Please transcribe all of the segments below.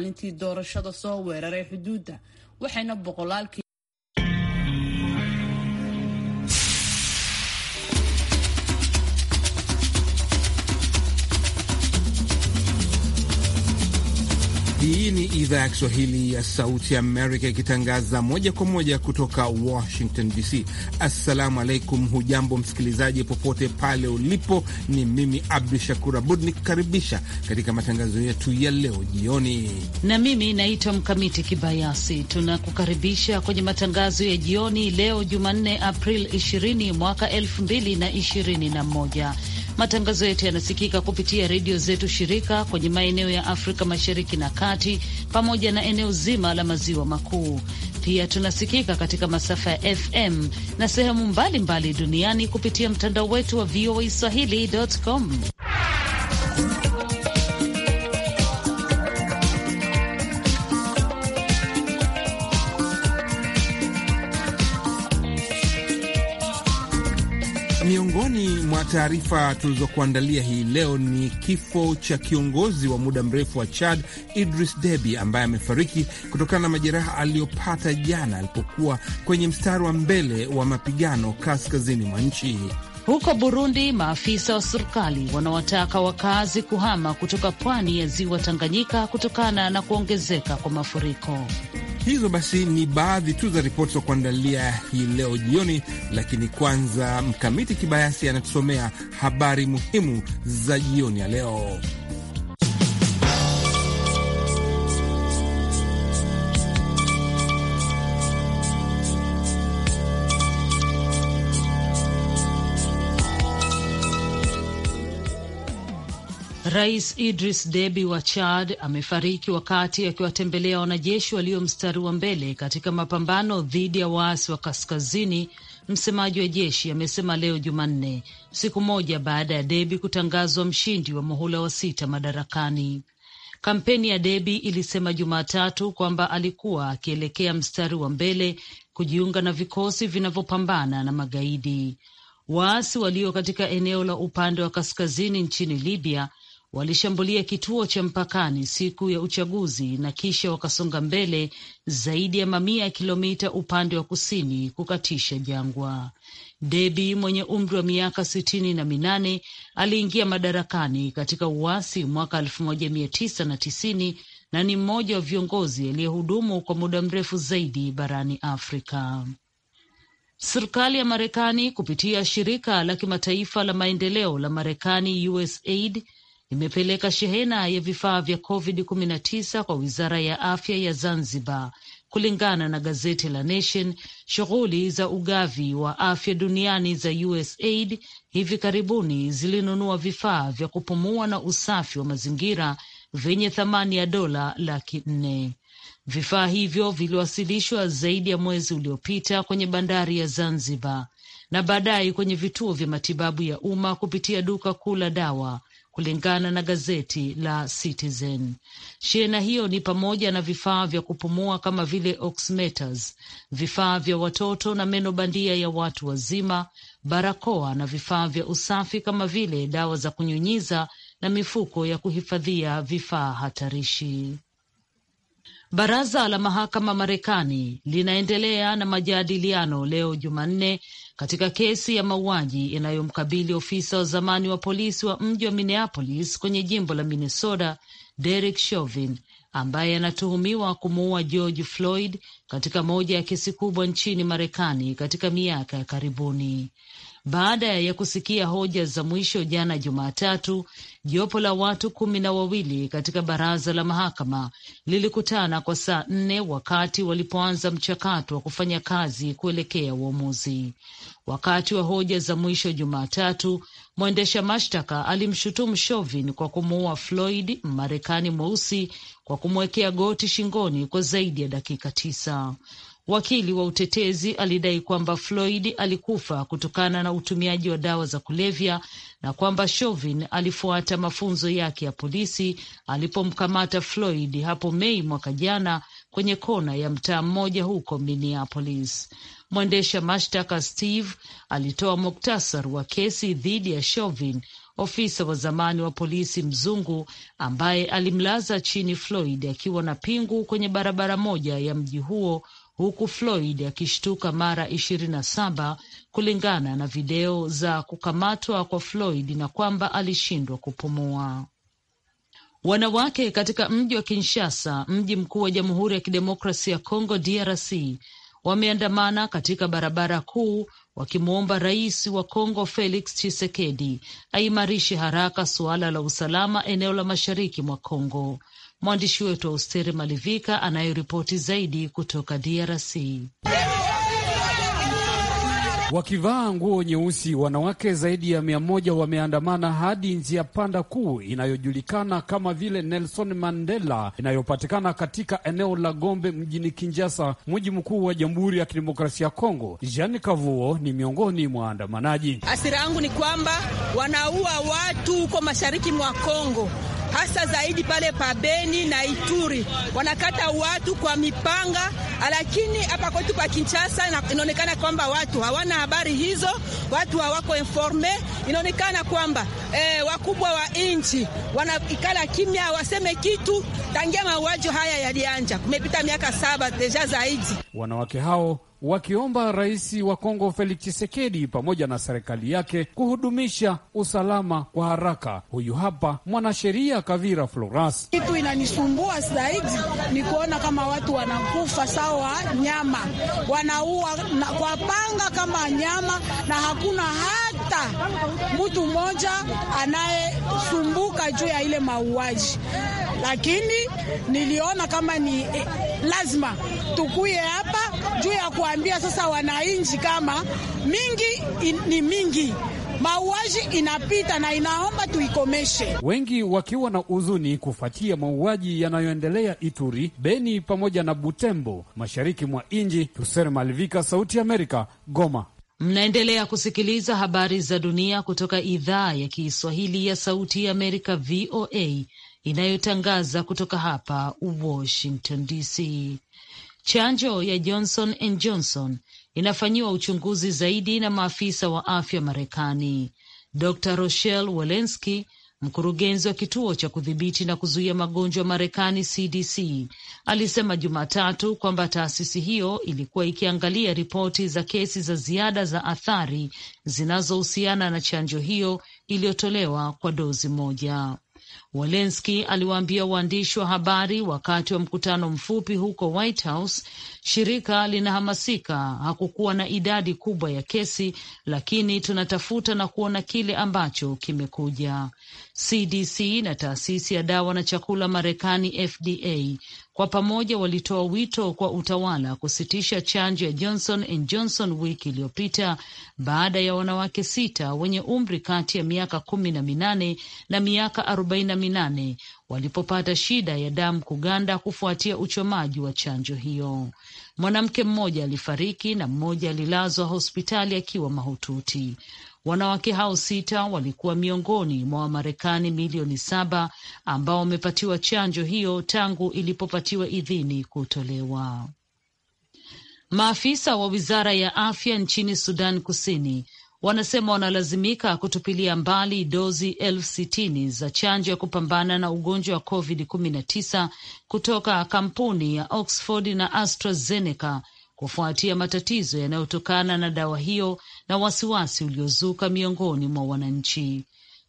maalintii doorashada soo weeraray xuduudda waxayna boqolaalkii idhaa ya Kiswahili ya Sauti Amerika ikitangaza moja kwa moja kutoka Washington DC. Assalamu alaikum, hujambo msikilizaji popote pale ulipo. Ni mimi Abdu Shakur Abud kukaribisha katika matangazo yetu ya leo jioni, na mimi naitwa Mkamiti Kibayasi. Tunakukaribisha kwenye matangazo ya jioni leo Jumanne, April 20 mwaka 2021 Matangazo yetu yanasikika kupitia redio zetu shirika kwenye maeneo ya Afrika Mashariki na Kati pamoja na eneo zima la maziwa makuu. Pia tunasikika katika masafa ya FM na sehemu mbalimbali mbali duniani kupitia mtandao wetu wa VOA Swahili.com. taarifa tulizokuandalia hii leo ni kifo cha kiongozi wa muda mrefu wa Chad Idris Deby ambaye amefariki kutokana na majeraha aliyopata jana alipokuwa kwenye mstari wa mbele wa mapigano kaskazini mwa nchi. Huko Burundi, maafisa wa serikali wanawataka wakazi kuhama kutoka pwani ya ziwa Tanganyika kutokana na kuongezeka kwa mafuriko. Hizo basi ni baadhi tu za ripoti za kuandalia hii leo jioni, lakini kwanza Mkamiti Kibayasi anatusomea habari muhimu za jioni ya leo. Rais Idris Deby wa Chad amefariki wakati akiwatembelea wanajeshi walio mstari wa mbele katika mapambano dhidi ya waasi wa kaskazini. Msemaji wa jeshi amesema leo Jumanne, siku moja baada ya Deby kutangazwa mshindi wa muhula wa sita madarakani. Kampeni ya Deby ilisema Jumatatu kwamba alikuwa akielekea mstari wa mbele kujiunga na vikosi vinavyopambana na magaidi. Waasi walio katika eneo la upande wa kaskazini nchini Libya walishambulia kituo cha mpakani siku ya uchaguzi na kisha wakasonga mbele zaidi ya mamia ya kilomita upande wa kusini kukatisha jangwa. Debi mwenye umri wa miaka sitini na minane aliingia madarakani katika uasi mwaka 1990 na ni mmoja wa viongozi aliyehudumu kwa muda mrefu zaidi barani Afrika. Serikali ya Marekani kupitia shirika la kimataifa la maendeleo la Marekani USAID imepeleka shehena ya vifaa vya COVID-19 kwa wizara ya afya ya Zanzibar. Kulingana na gazeti la Nation, shughuli za ugavi wa afya duniani za USAID hivi karibuni zilinunua vifaa vya kupumua na usafi wa mazingira vyenye thamani ya dola laki nne. Vifaa hivyo viliwasilishwa zaidi ya mwezi uliopita kwenye bandari ya Zanzibar na baadaye kwenye vituo vya matibabu ya umma kupitia duka kuu la dawa kulingana na gazeti la Citizen. Shehena hiyo ni pamoja na vifaa vya kupumua kama vile oximeters, vifaa vya watoto na meno bandia ya watu wazima, barakoa na vifaa vya usafi kama vile dawa za kunyunyiza na mifuko ya kuhifadhia vifaa hatarishi. Baraza la mahakama Marekani linaendelea na majadiliano leo Jumanne katika kesi ya mauaji inayomkabili ofisa wa zamani wa polisi wa mji wa Minneapolis kwenye jimbo la Minnesota, Derek Chauvin ambaye anatuhumiwa kumuua George Floyd katika moja ya kesi kubwa nchini Marekani katika miaka ya karibuni baada ya kusikia hoja za mwisho jana Jumatatu. Jopo la watu kumi na wawili katika baraza la mahakama lilikutana kwa saa nne wakati walipoanza mchakato wa kufanya kazi kuelekea uamuzi. Wakati wa hoja za mwisho Jumatatu, mwendesha mashtaka alimshutumu Chauvin kwa kumuua Floyd, Mmarekani mweusi, kwa kumwekea goti shingoni kwa zaidi ya dakika tisa. Wakili wa utetezi alidai kwamba Floyd alikufa kutokana na utumiaji wa dawa za kulevya na kwamba Chauvin alifuata mafunzo yake ya polisi alipomkamata Floyd hapo Mei mwaka jana kwenye kona ya mtaa mmoja huko Minneapolis. Mwendesha mashtaka Steve alitoa muktasar wa kesi dhidi ya Chauvin, ofisa wa zamani wa polisi mzungu ambaye alimlaza chini Floyd akiwa na pingu kwenye barabara moja ya mji huo huku Floyd akishtuka mara ishirini na saba kulingana na video za kukamatwa kwa Floyd na kwamba alishindwa kupumua. Wanawake katika mji wa Kinshasa, mji mkuu wa Jamhuri ya Kidemokrasia ya Kongo DRC, wameandamana katika barabara kuu wakimwomba rais wa Kongo Felix Tshisekedi aimarishe haraka suala la usalama eneo la mashariki mwa Kongo. Mwandishi wetu wa Usteri Malivika anayeripoti zaidi kutoka DRC. Wakivaa nguo nyeusi, wanawake zaidi ya mia moja wameandamana hadi njia panda kuu inayojulikana kama vile Nelson Mandela inayopatikana katika eneo la Gombe mjini kinjasa mji mkuu wa Jamhuri ya Kidemokrasia ya Kongo. Jean Kavuo ni miongoni mwa waandamanaji. Asira yangu ni kwamba wanaua watu huko mashariki mwa Kongo hasa zaidi pale pabeni na Ituri, wanakata watu kwa mipanga, lakini hapa kwetu pa Kinshasa inaonekana kwamba watu hawana habari hizo, watu hawako informe. Inaonekana kwamba eh, wakubwa wa nchi wanaikala kimya, waseme kitu tangia mauaji haya yalianja, kumepita miaka saba deja zaidi. Wanawake hao wakiomba rais wa Kongo Felix Tshisekedi pamoja na serikali yake kuhudumisha usalama kwa haraka. Huyu hapa mwanasheria Kavira Floras. Kitu inanisumbua zaidi ni kuona kama watu wanakufa sawa nyama, wanaua kwa panga kama nyama, na hakuna hata mtu mmoja anayesumbuka juu ya ile mauaji, lakini niliona kama ni eh, lazima tukuye hapa juu ya kuambia sasa wananchi kama mingi in, ni mingi mauaji inapita na inaomba tuikomeshe. Wengi wakiwa na huzuni kufuatia mauaji yanayoendelea Ituri, Beni pamoja na Butembo, mashariki mwa nji Tuser Malivika, Sauti ya Amerika, Goma. Mnaendelea kusikiliza habari za dunia kutoka idhaa ya Kiswahili ya Sauti ya Amerika, VOA, inayotangaza kutoka hapa Washington DC. Chanjo ya Johnson and Johnson inafanyiwa uchunguzi zaidi na maafisa wa afya Marekani. Dr Rochelle Walensky, mkurugenzi wa kituo cha kudhibiti na kuzuia magonjwa Marekani, CDC, alisema Jumatatu kwamba taasisi hiyo ilikuwa ikiangalia ripoti za kesi za ziada za athari zinazohusiana na chanjo hiyo iliyotolewa kwa dozi moja. Walensky aliwaambia waandishi wa habari wakati wa mkutano mfupi huko White House. Shirika linahamasika, hakukuwa na idadi kubwa ya kesi, lakini tunatafuta na kuona kile ambacho kimekuja. CDC na taasisi ya dawa na chakula Marekani, FDA, kwa pamoja walitoa wito kwa utawala kusitisha chanjo ya Johnson and Johnson wiki iliyopita baada ya wanawake sita wenye umri kati ya miaka kumi na minane na miaka arobaini na minane walipopata shida ya damu kuganda kufuatia uchomaji wa chanjo hiyo. Mwanamke mmoja alifariki na mmoja alilazwa hospitali akiwa mahututi. Wanawake hao sita walikuwa miongoni mwa Wamarekani milioni saba ambao wamepatiwa chanjo hiyo tangu ilipopatiwa idhini kutolewa. Maafisa wa wizara ya afya nchini Sudan Kusini wanasema wanalazimika kutupilia mbali dozi elfu sitini za chanjo ya kupambana na ugonjwa wa COVID-19 kutoka kampuni ya Oxford na AstraZeneca kufuatia matatizo yanayotokana na dawa hiyo na wasiwasi uliozuka miongoni mwa wananchi.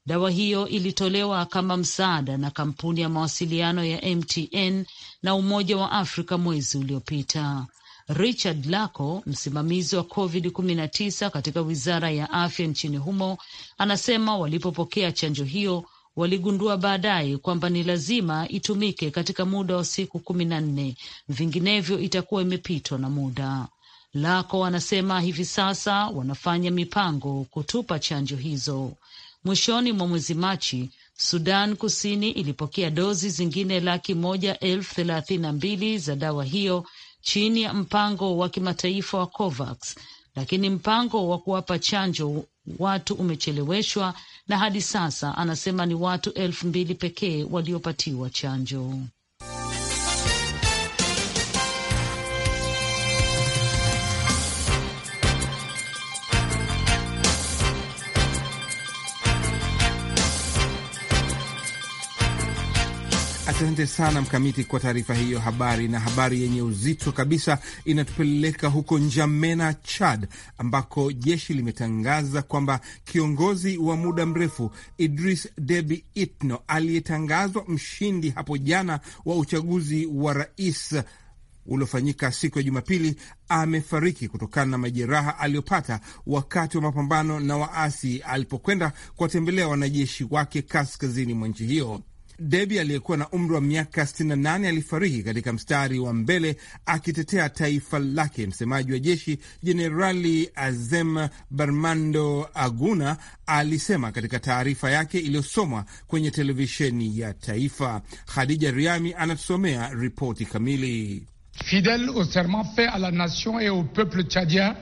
Dawa hiyo ilitolewa kama msaada na kampuni ya mawasiliano ya MTN na Umoja wa Afrika mwezi uliopita. Richard Lako, msimamizi wa COVID-19 katika wizara ya afya nchini humo, anasema walipopokea chanjo hiyo waligundua baadaye kwamba ni lazima itumike katika muda wa siku kumi na nne, vinginevyo itakuwa imepitwa na muda. Lako wanasema hivi sasa wanafanya mipango kutupa chanjo hizo. Mwishoni mwa mwezi Machi, Sudan Kusini ilipokea dozi zingine laki moja elfu thelathini na mbili za dawa hiyo chini ya mpango wa kimataifa wa COVAX, lakini mpango wa kuwapa chanjo watu umecheleweshwa na hadi sasa anasema ni watu elfu mbili pekee waliopatiwa chanjo. Asante sana Mkamiti kwa taarifa hiyo habari. Na habari yenye uzito kabisa inatupeleka huko Njamena, Chad, ambako jeshi limetangaza kwamba kiongozi wa muda mrefu Idris Debi Itno aliyetangazwa mshindi hapo jana wa uchaguzi wa rais uliofanyika siku ya Jumapili amefariki kutokana na majeraha aliyopata wakati wa mapambano na waasi alipokwenda kuwatembelea wanajeshi wake kaskazini mwa nchi hiyo. Debi aliyekuwa na umri wa miaka 68 alifariki katika mstari wa mbele akitetea taifa lake. Msemaji wa jeshi Jenerali Azem Barmando Aguna alisema katika taarifa yake iliyosomwa kwenye televisheni ya taifa. Khadija Riami anatusomea ripoti kamili. Fidel au serment fait a la nation et au peuple tchadien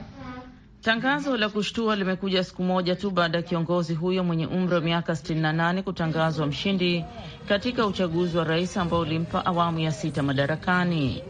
Tangazo la kushtua limekuja siku moja tu baada ya kiongozi huyo mwenye umri wa miaka 68 kutangazwa mshindi katika uchaguzi wa rais ambao ulimpa awamu ya sita madarakani.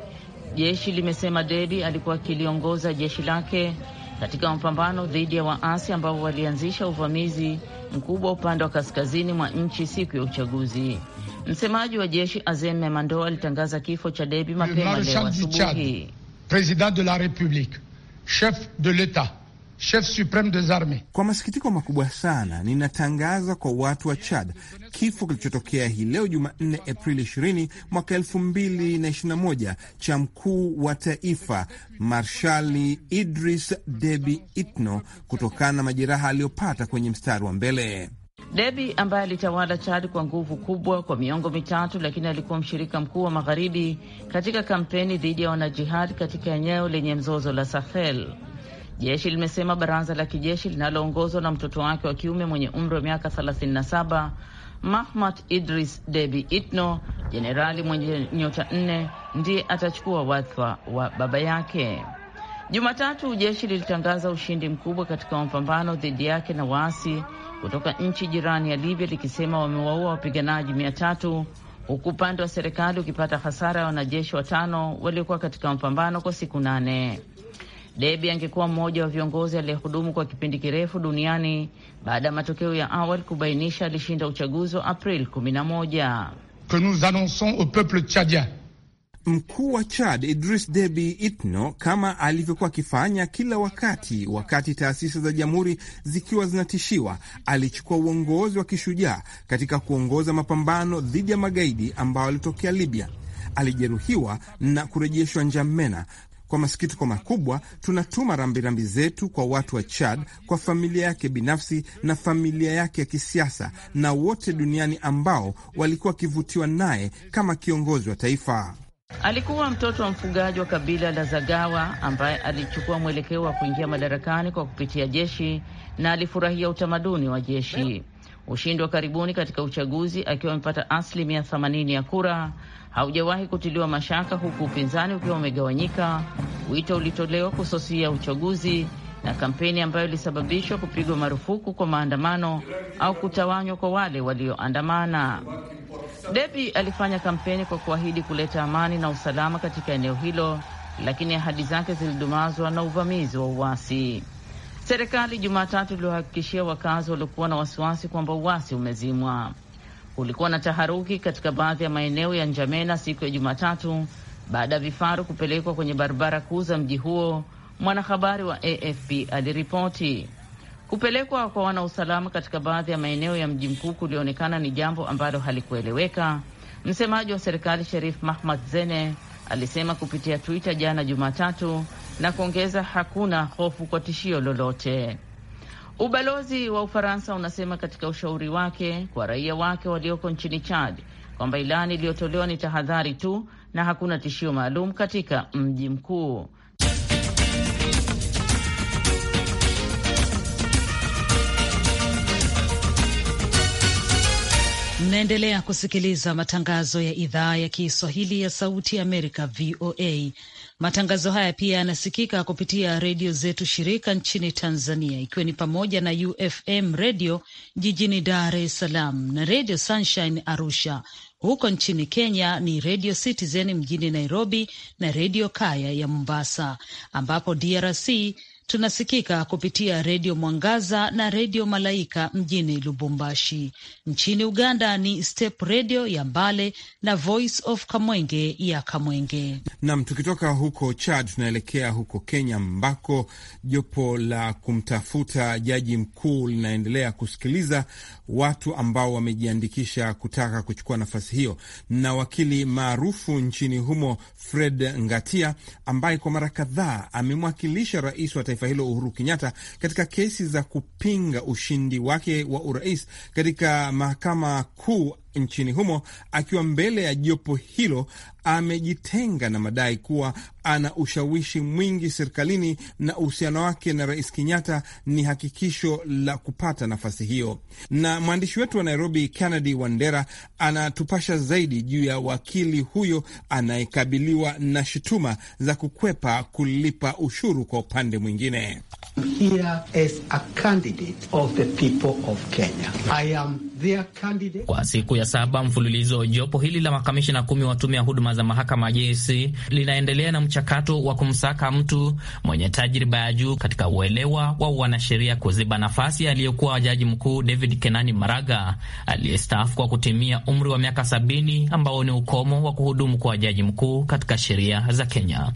Jeshi limesema debi alikuwa akiliongoza jeshi lake katika mapambano dhidi ya waasi ambao walianzisha uvamizi mkubwa upande wa kaskazini mwa nchi siku ya uchaguzi. Msemaji wa jeshi Azeme Mando alitangaza kifo cha debi mapema leo asubuhi. President de la Republique, chef de l'Etat Chef Supreme des Armees. Kwa masikitiko makubwa sana ninatangaza kwa watu wa Chad kifo kilichotokea hii leo Jumanne Aprili 20 mwaka 2021 cha mkuu wa taifa Marshali Idris Debi Itno kutokana na majeraha aliyopata kwenye mstari wa mbele. Debi ambaye alitawala Chad kwa nguvu kubwa kwa miongo mitatu, lakini alikuwa mshirika mkuu wa magharibi katika kampeni dhidi ya wanajihad katika eneo lenye mzozo la Sahel. Jeshi limesema baraza la kijeshi linaloongozwa na mtoto wake wa kiume mwenye umri wa miaka 37 Mahmad Idris Debi Itno, jenerali mwenye nyota nne, ndiye atachukua wadhifa wa baba yake. Jumatatu jeshi lilitangaza ushindi mkubwa katika mapambano dhidi yake na waasi kutoka nchi jirani ya Libya, likisema wamewaua wapiganaji mia tatu huku upande wa serikali ukipata hasara ya wanajeshi watano waliokuwa katika mapambano kwa siku nane. Deby angekuwa mmoja wa viongozi aliyehudumu kwa kipindi kirefu duniani baada ya matokeo ya awali kubainisha alishinda uchaguzi wa Aprili 11 que nous annonçons au peuple tchadien Mkuu wa Chad Idris Deby Itno, kama alivyokuwa akifanya kila wakati, wakati taasisi za jamhuri zikiwa zinatishiwa, alichukua uongozi wa kishujaa katika kuongoza mapambano dhidi ya magaidi ambao alitokea Libya. Alijeruhiwa na kurejeshwa Njamena kwa masikitiko makubwa, tunatuma rambirambi zetu kwa watu wa Chad, kwa familia yake binafsi na familia yake ya kisiasa, na wote duniani ambao walikuwa wakivutiwa naye kama kiongozi wa taifa. Alikuwa mtoto wa mfugaji wa kabila la Zagawa ambaye alichukua mwelekeo wa kuingia madarakani kwa kupitia jeshi na alifurahia utamaduni wa jeshi. Ushindi wa karibuni katika uchaguzi akiwa amepata asilimia 80 ya kura haujawahi kutiliwa mashaka, huku upinzani ukiwa umegawanyika. Wito ulitolewa kususia uchaguzi na kampeni ambayo ilisababishwa kupigwa marufuku kwa maandamano au kutawanywa kwa wale walioandamana. Debi alifanya kampeni kwa kuahidi kuleta amani na usalama katika eneo hilo, lakini ahadi zake zilidumazwa na uvamizi wa uasi. Serikali Jumatatu iliwahakikishia wakazi waliokuwa na wasiwasi kwamba uasi umezimwa. Kulikuwa na taharuki katika baadhi ya maeneo ya Njamena siku ya Jumatatu baada ya vifaru kupelekwa kwenye barabara kuu za mji huo, mwanahabari wa AFP aliripoti. Kupelekwa kwa wanausalama katika baadhi ya maeneo ya mji mkuu kulionekana ni jambo ambalo halikueleweka. Msemaji wa serikali Sherif Mahmad Zene alisema kupitia Twitter jana Jumatatu na kuongeza, hakuna hofu kwa tishio lolote. Ubalozi wa Ufaransa unasema katika ushauri wake kwa raia wake walioko nchini Chad kwamba ilani iliyotolewa ni tahadhari tu na hakuna tishio maalum katika mji mkuu. Mnaendelea kusikiliza matangazo ya idhaa ya Kiswahili ya Sauti ya Amerika, VOA. Matangazo haya pia yanasikika kupitia redio zetu shirika nchini Tanzania, ikiwa ni pamoja na UFM redio jijini Dar es Salaam na redio Sunshine Arusha. Huko nchini Kenya ni redio Citizen mjini Nairobi na redio Kaya ya Mombasa, ambapo DRC Tunasikika kupitia Redio Mwangaza na Redio Malaika mjini Lubumbashi. Nchini Uganda ni Step Redio ya Mbale na Voice of Kamwenge ya Kamwenge. Nam, tukitoka huko Chad tunaelekea huko Kenya, ambako jopo la kumtafuta jaji mkuu linaendelea kusikiliza watu ambao wamejiandikisha kutaka kuchukua nafasi hiyo, na wakili maarufu nchini humo Fred Ngatia ambaye kwa mara kadhaa amemwakilisha rais wa taifa taifa hilo Uhuru Kenyatta katika kesi za kupinga ushindi wake wa urais katika mahakama kuu nchini humo. Akiwa mbele ya jopo hilo, amejitenga na madai kuwa ana ushawishi mwingi serikalini na uhusiano wake na Rais Kenyatta ni hakikisho la kupata nafasi hiyo. Na mwandishi wetu wa Nairobi, Kennedy Wandera, anatupasha zaidi juu ya wakili huyo anayekabiliwa na shutuma za kukwepa kulipa ushuru kwa upande mwingine. Kwa siku ya saba mfululizo, jopo hili la makamishina kumi wa tume ya huduma za mahakama JSC linaendelea na mchakato wa kumsaka mtu mwenye tajriba ya juu katika uelewa wa wanasheria kuziba nafasi aliyekuwa jaji mkuu David Kenani Maraga aliyestaafu kwa kutimia umri wa miaka sabini ambao ni ukomo wa kuhudumu kwa jaji mkuu katika sheria za Kenya.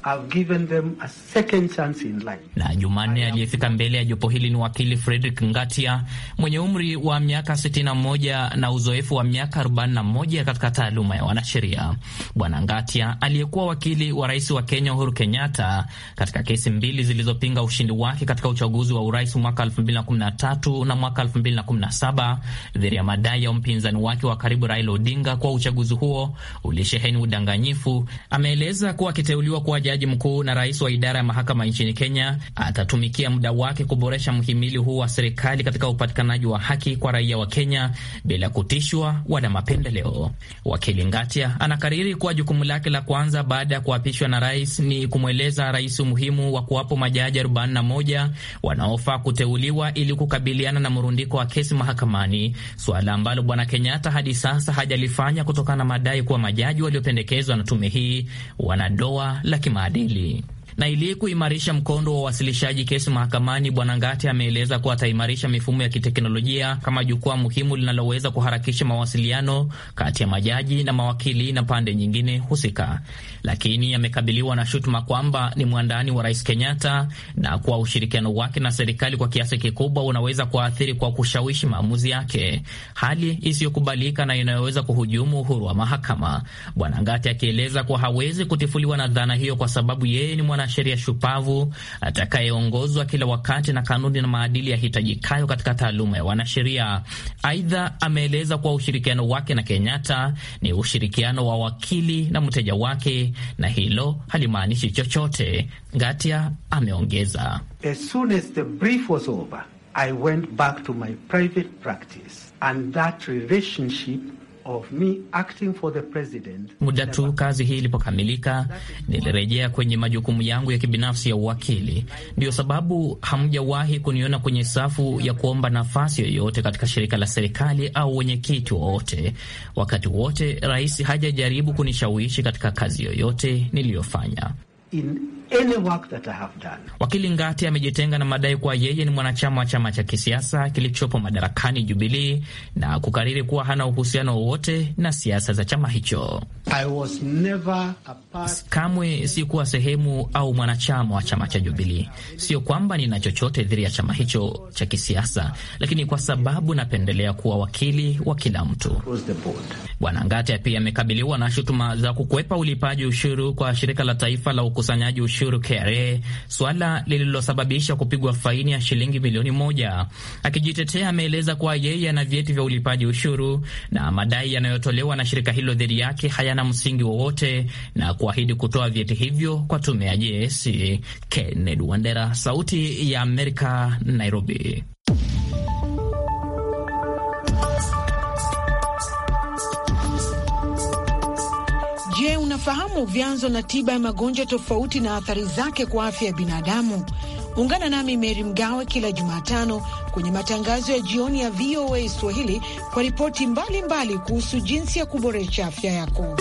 Na Jumanne aliyefika mbele ya jopo hili ni wakili Frederick Ngatia mwenye umri wa miaka 61 na uzoefu wa miaka miaka 41 katika taaluma ya wanasheria. Bwana Ngatia aliyekuwa wakili wa rais wa Kenya Uhuru Kenyatta katika kesi mbili zilizopinga ushindi wake katika uchaguzi wa urais mwaka 2013 na mwaka 2017 dhidi ya madai ya mpinzani wake wa karibu Raila Odinga kwa uchaguzi huo ulisheheni udanganyifu, ameeleza kuwa akiteuliwa kuwa jaji mkuu na rais wa idara ya mahakama nchini Kenya atatumikia muda wake kuboresha mhimili huu wa serikali katika upatikanaji wa haki kwa raia wa Kenya bila kutishwa wa na mapendeleo. Wakili Ngatia anakariri kuwa jukumu lake la kwanza baada ya kuapishwa na rais ni kumweleza rais umuhimu wa kuwapo majaji 41 wanaofaa kuteuliwa ili kukabiliana na mrundiko wa kesi mahakamani, suala ambalo bwana Kenyatta hadi sasa hajalifanya kutokana na madai kuwa majaji waliopendekezwa na tume hii wana doa la kimaadili. Na ili kuimarisha mkondo wa uwasilishaji kesi mahakamani, Bwana Ngati ameeleza kuwa ataimarisha mifumo ya kiteknolojia kama jukwaa muhimu linaloweza kuharakisha mawasiliano kati ya majaji na mawakili na pande nyingine husika, lakini amekabiliwa na shutuma kwamba ni mwandani wa Rais Kenyatta na kuwa ushirikiano wake na serikali kwa kiasi kikubwa unaweza kuathiri kwa kushawishi maamuzi yake, hali isiyokubalika na inayoweza kuhujumu uhuru wa mahakama. Bwana Ngati akieleza kuwa hawezi kutifuliwa na dhana hiyo kwa sababu yeye ni mwana mwanasheria shupavu atakayeongozwa kila wakati na kanuni na maadili yahitajikayo katika taaluma ya wanasheria. Aidha, ameeleza kuwa ushirikiano wake na Kenyatta ni ushirikiano wa wakili na mteja wake, na hilo halimaanishi chochote. Ngatia ameongeza as soon as the brief was over, I went back to my private practice and that relationship of me acting for the president. Muda tu kazi hii ilipokamilika, nilirejea kwenye majukumu yangu ya kibinafsi ya uwakili. Ndiyo sababu hamjawahi kuniona kwenye safu ya kuomba nafasi yoyote katika shirika la serikali au wenyekiti wowote. Wakati wote rais hajajaribu kunishawishi katika kazi yoyote niliyofanya In any work that I have done. Wakili Ngati amejitenga na madai kuwa yeye ni mwanachama wa chama cha kisiasa kilichopo madarakani Jubilee, na kukariri kuwa hana uhusiano wowote na siasa za chama hicho. I was never a part... kamwe sikuwa sehemu au mwanachama wa chama cha Jubilee. Sio kwamba nina chochote dhidi ya chama hicho cha kisiasa, lakini kwa sababu napendelea kuwa wakili wa kila mtu. Bwana Ngati pia amekabiliwa na shutuma za kukwepa ulipaji ushuru kwa shirika la taifa la ukusanyaji ushuru ushuru KRA, swala lililosababisha kupigwa faini ya shilingi milioni moja. Akijitetea, ameeleza kuwa yeye ana vyeti vya ulipaji ushuru na madai yanayotolewa na shirika hilo dhidi yake hayana msingi wowote na kuahidi kutoa vyeti hivyo kwa tume ya JSC. Kennedy Wandera, Sauti ya Amerika, Nairobi. unafahamu vyanzo na tiba ya magonjwa tofauti na athari zake kwa afya ya binadamu? Ungana nami Meri Mgawe kila Jumatano kwenye matangazo ya jioni ya VOA Swahili kwa ripoti mbalimbali kuhusu jinsi ya kuboresha afya yako.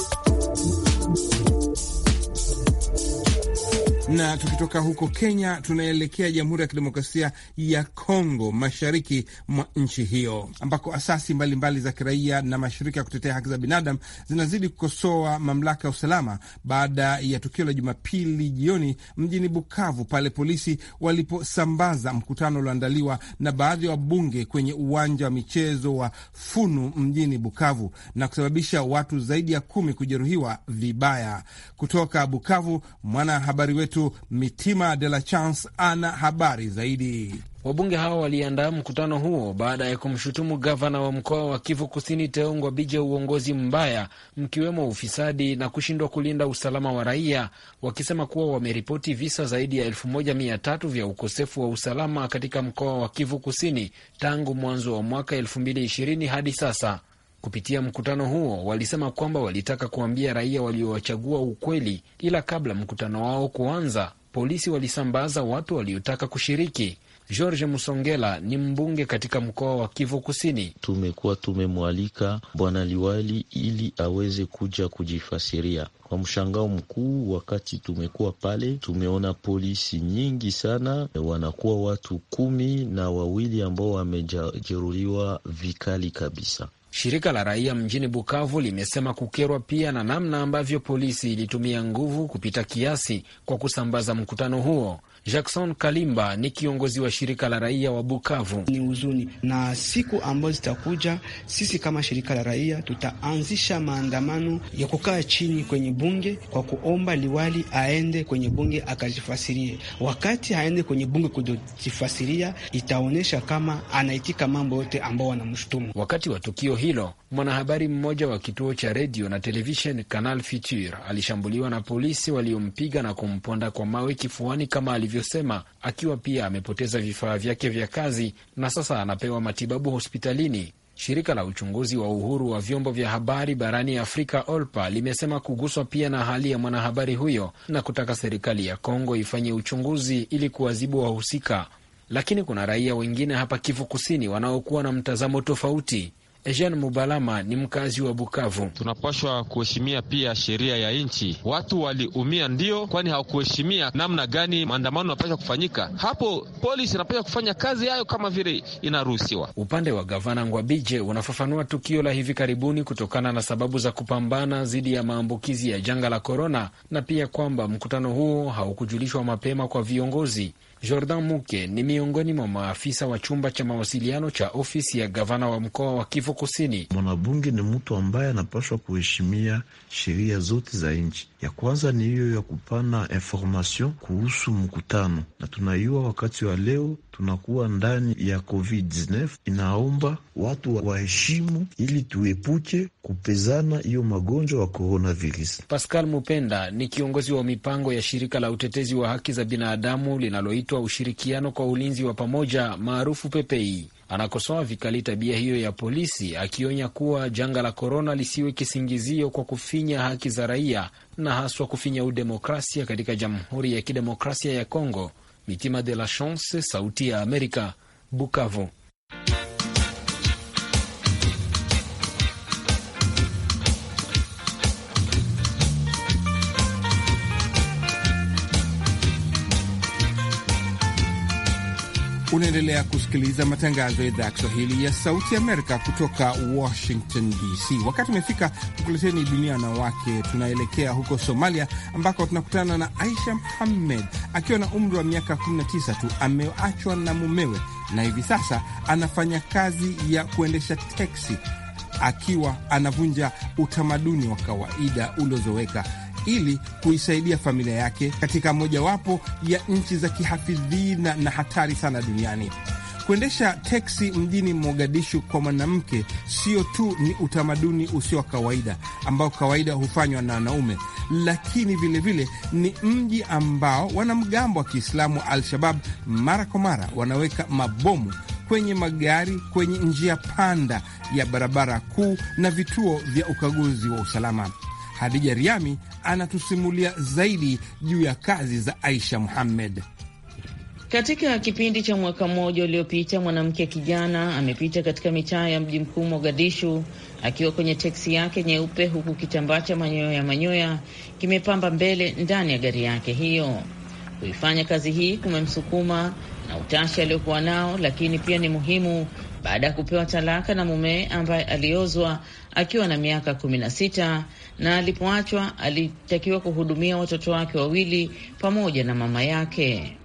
Na tukitoka huko Kenya, tunaelekea Jamhuri ya Kidemokrasia ya Kongo, mashariki mwa nchi hiyo, ambako asasi mbalimbali mbali za kiraia na mashirika ya kutetea haki za binadamu zinazidi kukosoa mamlaka ya usalama baada ya tukio la Jumapili jioni mjini Bukavu, pale polisi waliposambaza mkutano ulioandaliwa na baadhi ya wa wabunge kwenye uwanja wa michezo wa Funu mjini Bukavu na kusababisha watu zaidi ya kumi kujeruhiwa vibaya. Kutoka Bukavu, mwanahabari wetu Mitima de la Chance ana habari zaidi. Wabunge hao waliandaa mkutano huo baada ya kumshutumu gavana wa mkoa wa Kivu Kusini Teongwa Bije uongozi mbaya, mkiwemo ufisadi na kushindwa kulinda usalama wa raia, wakisema kuwa wameripoti visa zaidi ya elfu moja mia tatu vya ukosefu wa usalama katika mkoa wa Kivu Kusini tangu mwanzo wa mwaka elfu mbili ishirini hadi sasa. Kupitia mkutano huo, walisema kwamba walitaka kuambia raia waliowachagua ukweli, ila kabla mkutano wao kuanza, polisi walisambaza watu waliotaka kushiriki. George Musongela ni mbunge katika mkoa wa Kivu Kusini. Tumekuwa tumemwalika bwana liwali ili aweze kuja kujifasiria. Kwa mshangao mkuu, wakati tumekuwa pale, tumeona polisi nyingi sana, wanakuwa watu kumi na wawili ambao wamejeruhiwa vikali kabisa. Shirika la raia mjini Bukavu limesema kukerwa pia na namna ambavyo polisi ilitumia nguvu kupita kiasi kwa kusambaza mkutano huo. Jackson Kalimba ni kiongozi wa shirika la raia wa Bukavu. Ni huzuni, na siku ambazo zitakuja, sisi kama shirika la raia tutaanzisha maandamano ya kukaa chini kwenye bunge kwa kuomba liwali aende kwenye bunge akajifasirie. Wakati aende kwenye bunge kujifasiria, itaonyesha kama anaitika mambo yote ambao wanamshutumu. Wakati wa tukio hilo, mwanahabari mmoja wa kituo cha redio na televishen Canal Future alishambuliwa na polisi waliompiga na kumponda kwa mawe kifuani kama alivyo alivyosema, akiwa pia amepoteza vifaa vyake vya kazi na sasa anapewa matibabu hospitalini. Shirika la uchunguzi wa uhuru wa vyombo vya habari barani Afrika, OLPA, limesema kuguswa pia na hali ya mwanahabari huyo na kutaka serikali ya Kongo ifanye uchunguzi ili kuwazibu wahusika. Lakini kuna raia wengine hapa Kivu Kusini wanaokuwa na mtazamo tofauti. Ejen Mubalama ni mkazi wa Bukavu. Tunapashwa kuheshimia pia sheria ya nchi. Watu waliumia ndio, kwani hawakuheshimia namna gani maandamano yanapaswa kufanyika. Hapo polisi inapaswa kufanya kazi yayo kama vile inaruhusiwa. Upande wa gavana Ngwabije unafafanua tukio la hivi karibuni kutokana na sababu za kupambana dhidi ya maambukizi ya janga la korona, na pia kwamba mkutano huo haukujulishwa mapema kwa viongozi. Jordan Muke ni miongoni mwa maafisa wa chumba cha mawasiliano cha ofisi ya gavana wa mkoa wa Kivu Kivu Kusini. Mwanabunge ni mtu ambaye anapaswa kuheshimia sheria zote za nchi. Ya kwanza ni hiyo ya kupana information kuhusu mkutano, na tunaiwa wakati wa leo tunakuwa ndani ya COVID-19, inaomba watu waheshimu ili tuepuke kupezana hiyo magonjwa wa coronavirus. Pascal Mupenda ni kiongozi wa mipango ya shirika la utetezi wa haki za binadamu linaloitwa Ushirikiano kwa Ulinzi wa Pamoja, maarufu PEPEI anakosoa vikali tabia hiyo ya polisi, akionya kuwa janga la korona lisiwe kisingizio kwa kufinya haki za raia na haswa kufinya udemokrasia katika Jamhuri ya Kidemokrasia ya Kongo. Mitima de la Chance, Sauti ya Amerika, Bukavu. Unaendelea kusikiliza matangazo ya idhaa ya Kiswahili ya Sauti Amerika kutoka Washington DC. Wakati umefika kukuleteni dunia wanawake. Tunaelekea huko Somalia, ambako tunakutana na Aisha Muhammed akiwa na umri wa miaka 19 tu. Ameachwa na mumewe na hivi sasa anafanya kazi ya kuendesha teksi, akiwa anavunja utamaduni wa kawaida uliozoweka ili kuisaidia familia yake katika mojawapo ya nchi za kihafidhina na hatari sana duniani. Kuendesha teksi mjini Mogadishu kwa mwanamke sio tu ni utamaduni usio wa kawaida ambao kawaida hufanywa na wanaume, lakini vilevile vile ni mji ambao wanamgambo wa Kiislamu wa Al-Shabab mara kwa mara wanaweka mabomu kwenye magari kwenye njia panda ya barabara kuu na vituo vya ukaguzi wa usalama. Hadija Riami anatusimulia zaidi juu ya kazi za Aisha Muhammed. Katika kipindi cha mwaka mmoja uliopita, mwanamke kijana amepita katika mitaa ya mji mkuu Mogadishu akiwa kwenye teksi yake nyeupe, huku kitambaa cha manyoya manyoya kimepamba mbele ndani ya gari yake hiyo. Kuifanya kazi hii kumemsukuma na utashi aliokuwa nao, lakini pia ni muhimu baada ya kupewa talaka na mumee ambaye aliozwa akiwa na miaka kumi na sita na alipoachwa alitakiwa kuhudumia watoto wake wawili pamoja na mama yake.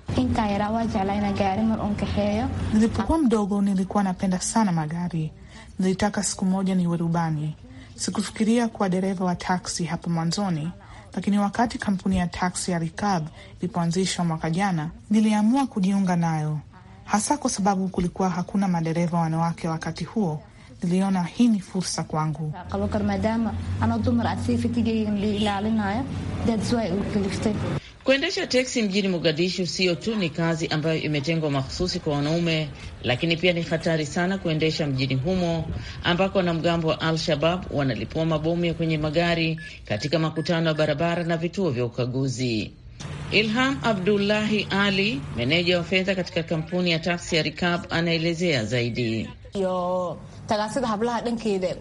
Nilipokuwa mdogo nilikuwa napenda sana magari. Nilitaka siku moja niwe rubani. Sikufikiria kuwa dereva wa taksi hapo mwanzoni, lakini wakati kampuni ya taksi ya Rikab ilipoanzishwa mwaka jana, niliamua kujiunga nayo, hasa kwa sababu kulikuwa hakuna madereva wanawake wakati huo niliona hii ni fursa kwangu. Kuendesha teksi mjini Mogadishu sio tu ni kazi ambayo imetengwa mahususi kwa wanaume, lakini pia ni hatari sana kuendesha mjini humo ambako wanamgambo wa Al-Shabab wanalipua mabomu ya kwenye magari katika makutano ya barabara na vituo vya ukaguzi. Ilham Abdullahi Ali, meneja wa fedha katika kampuni ya taksi ya Rikab, anaelezea zaidi. Yo.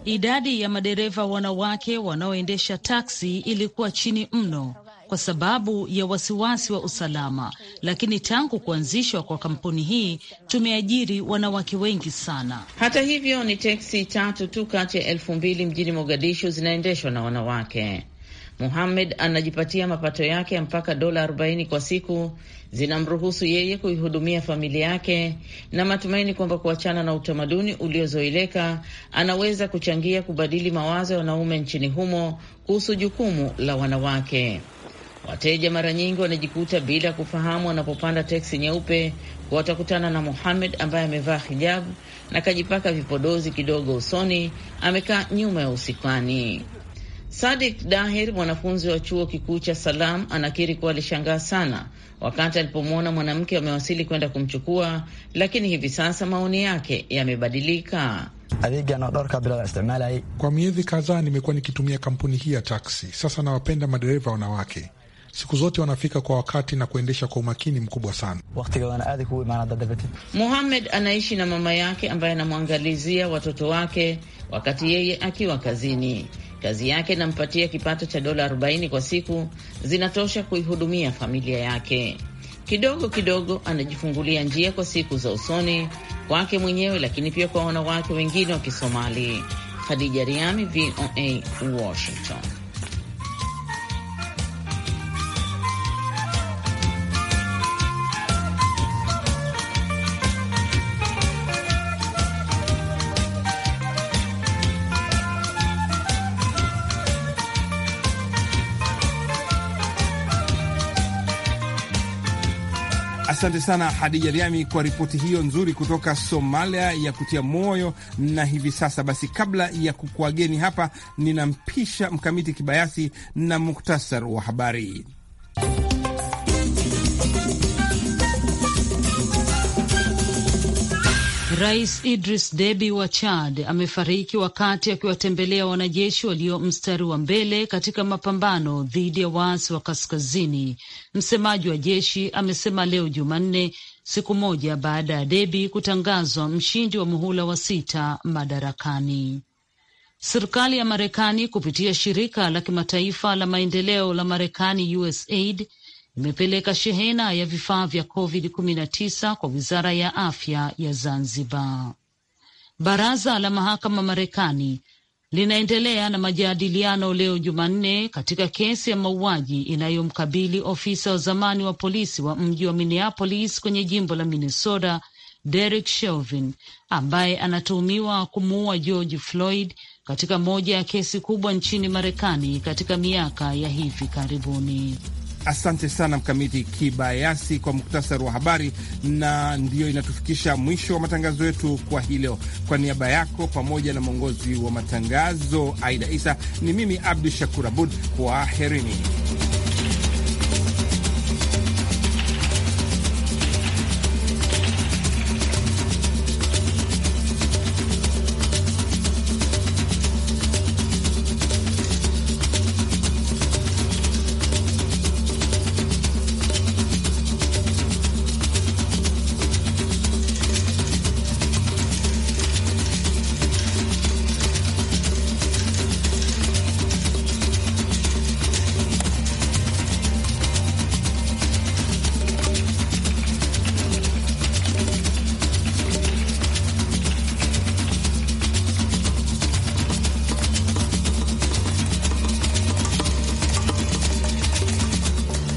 Idadi ya madereva wanawake wanaoendesha taksi ilikuwa chini mno kwa sababu ya wasiwasi wa usalama, lakini tangu kuanzishwa kwa kampuni hii tumeajiri wanawake wengi sana. Hata hivyo, ni teksi tatu tu kati ya elfu mbili mjini Mogadishu zinaendeshwa na wanawake. Muhamed anajipatia mapato yake ya mpaka dola 40 kwa siku, zinamruhusu yeye kuihudumia familia yake na matumaini kwamba kuachana na utamaduni uliozoeleka anaweza kuchangia kubadili mawazo ya wanaume nchini humo kuhusu jukumu la wanawake. Wateja mara nyingi wanajikuta bila kufahamu wanapopanda teksi nyeupe watakutana na Muhamed ambaye amevaa hijabu na kajipaka vipodozi kidogo usoni, amekaa nyuma ya usikani Sadik Dahir, mwanafunzi wa chuo kikuu cha Salam, anakiri kuwa alishangaa sana wakati alipomwona mwanamke amewasili kwenda kumchukua, lakini hivi sasa maoni yake yamebadilika. Kwa miezi kadhaa nimekuwa nikitumia kampuni hii ya taksi. Sasa nawapenda madereva wanawake, siku zote wanafika kwa wakati na kuendesha kwa umakini mkubwa sana. Muhamed anaishi na mama yake ambaye anamwangalizia watoto wake wakati yeye akiwa kazini. Kazi yake inampatia kipato cha dola 40 kwa siku, zinatosha kuihudumia familia yake. Kidogo kidogo anajifungulia njia kwa siku za usoni kwake mwenyewe, lakini pia kwa wanawake wengine wa Kisomali. Khadija Riami, VOA, Washington. Asante sana Hadija Riami kwa ripoti hiyo nzuri kutoka Somalia ya kutia moyo. Na hivi sasa basi, kabla ya kukuageni hapa, ninampisha Mkamiti Kibayasi na muktasar wa habari. Rais Idris Deby wa Chad amefariki wakati akiwatembelea wanajeshi walio mstari wa mbele katika mapambano dhidi ya waasi wa kaskazini. Msemaji wa jeshi amesema leo Jumanne, siku moja baada ya Deby kutangazwa mshindi wa muhula wa sita madarakani. Serikali ya Marekani kupitia shirika la kimataifa la maendeleo la Marekani USAID imepeleka shehena ya vifaa vya COVID-19 kwa wizara ya afya ya Zanzibar. Baraza la mahakama Marekani linaendelea na majadiliano leo Jumanne katika kesi ya mauaji inayomkabili ofisa wa zamani wa polisi wa mji wa Minneapolis kwenye jimbo la Minnesota, Derek Chauvin, ambaye anatuhumiwa kumuua George Floyd katika moja ya kesi kubwa nchini Marekani katika miaka ya hivi karibuni. Asante sana Mkamiti Kibayasi kwa muktasari wa habari, na ndiyo inatufikisha mwisho wa matangazo yetu kwa hii leo. Kwa niaba yako pamoja na mwongozi wa matangazo Aida Isa, ni mimi Abdu Shakur Abud, kwaherini.